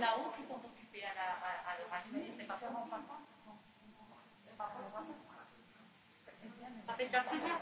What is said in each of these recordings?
là-haut qui sont occupés à la à, à, à c'est pas ça. Ça fait déjà plusieurs.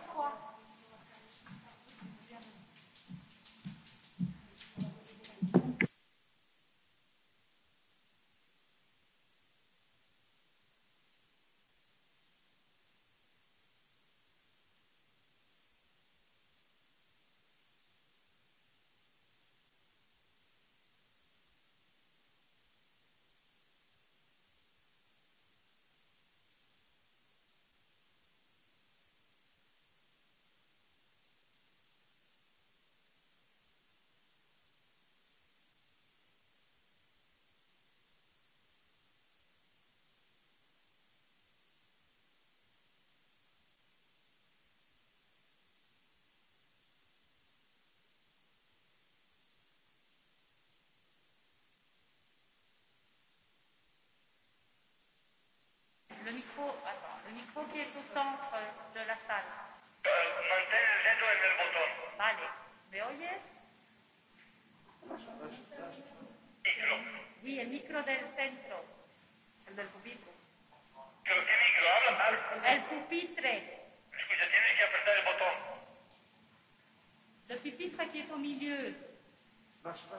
qui est au milieu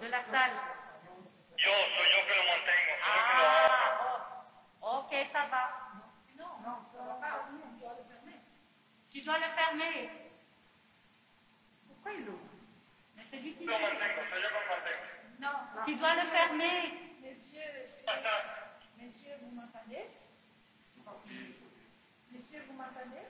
de la salle. Yo soy yo que lo mantengo, soy ah, que lo ah, hago. Oh, ok, ça va. Non, non, ça va pas. On doit le fermer. Tu dois le fermer. Pourquoi il l'ouvre Mais c'est lui qui le mantengo, soy yo que lo mantengo. Non, tu dois le fermer. Messieurs, excusez-moi. Messieurs, vous m'entendez Messieurs, vous m'entendez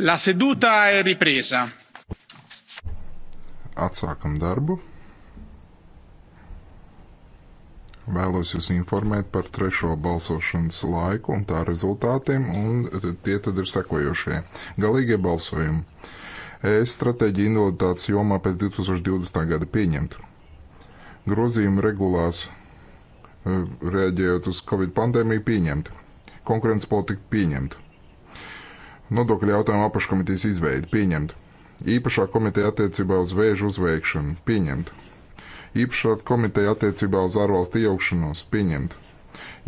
La seduta è ripresa. Atsākam darbu. Vēlos jūs informēt par trešo balsošanas laiku un tā rezultātiem, un tie tad ir sekojošie. Galīgie balsojumi. Es stratēģiju invaliditātes jomā pēc 2020. gada pieņemt. Grozījumi regulās, e, reaģējot uz Covid pandēmiju, pieņemt. Konkurences politika pieņemt Nodokļu jautājumu apakškomitejas izveidi pieņemt. Īpašā komiteja attiecībā uz vēža uzveikšanu pieņemt. Īpašā komiteja attiecībā uz ārvalstu iejaukšanos pieņemt.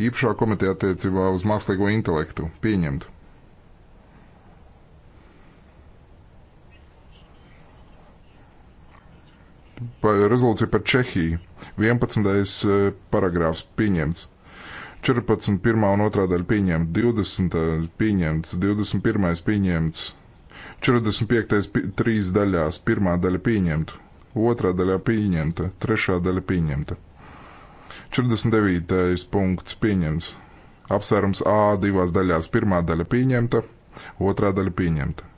Īpašā komiteja attiecībā uz mākslīgo intelektu pieņemt. Pa, rezolūcija par Čehiju. 11. Eh, paragrāfs pieņemts. 14. pirmā un otrā daļa pieņemta, 20. Eh, pieņemts, 21. pieņemts, 45. trīs daļās, pirmā daļa pieņemta, otrā daļā pieņemta, trešā daļa pieņemta. 49. punkts pieņemts. Apsvērums A divās daļās, pirmā daļa pieņemta, otrā daļa pieņemta.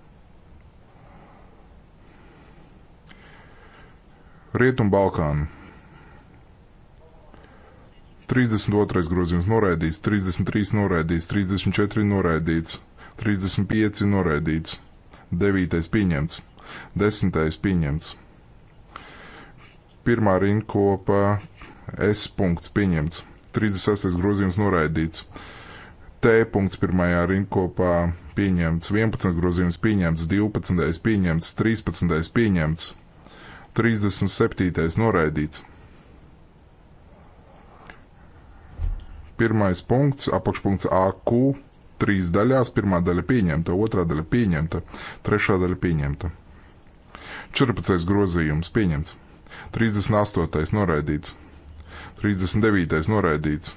Rietumbalkāni. 32. grozījums noraidīts, 33 noraidīts, 34 noraidīts, 35 noraidīts, 9. pieņemts, 10. pieņemts. Pirmā rinkopa S punkts pieņemts, 36. grozījums noraidīts, T punkts pirmajā rinkopā pieņemts, 11. grozījums pieņemts, 12. pieņemts, 13. pieņemts, 37. noraidīts. Pirmais punkts, apakšpunkts AQ, trīs daļās. Pirmā daļa pieņemta, otrā daļa pieņemta, trešā daļa pieņemta. 14. grozījums pieņemts, 38. noraidīts, 39. noraidīts,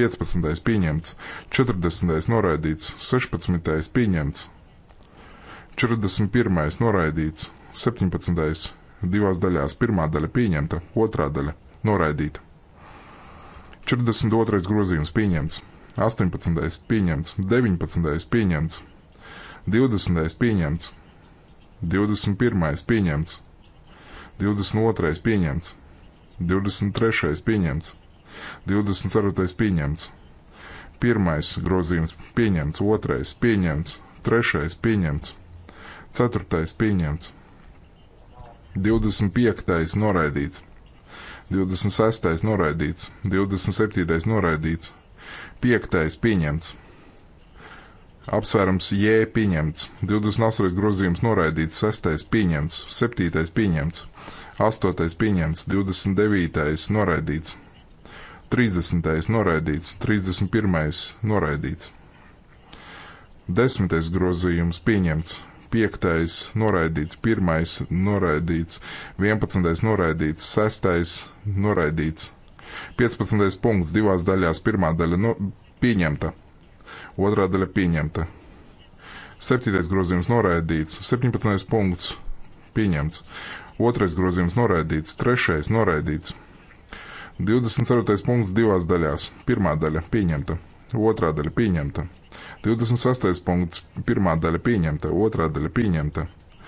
15. pieņemts, 40. noraidīts, 16. pieņemts, 41. noraidīts, 17. divās daļās, pirmā daļa pieņemta, otrā daļa noraidīta. 42. grozījums pieņemts, 18. pieņemts, 19. pieņemts, 20. pieņemts, 21. pieņemts, 22. pieņemts, 23. pieņemts, 24. pieņemts, 1. grozījums pieņemts, 2. pieņemts, 3. pieņemts, 4. pieņemts, 25. noraidīts. 26. noraidīts, 27. noraidīts, 5. pieņemts. Apsvērums J pieņemts, 28. grozījums noraidīts, 6. pieņemts, 7. pieņemts, 8. pieņemts, 29. noraidīts, 30. noraidīts, 31. noraidīts. 10. grozījums pieņemts, 5. noraidīts, 1. noraidīts, 11. noraidīts, 6. noraidīts, 15. punkts divās daļās, pirmā daļa no, pieņemta, otrā daļa pieņemta, 7. grozījums noraidīts, 17. punkts pieņemts, 2. grozījums noraidīts, 3. noraidīts, 24. punkts divās daļās, pirmā daļa pieņemta. Otrā daļa pieņemta. 26. punkts. Pirmā daļa pieņemta. Otrā daļa pieņemta.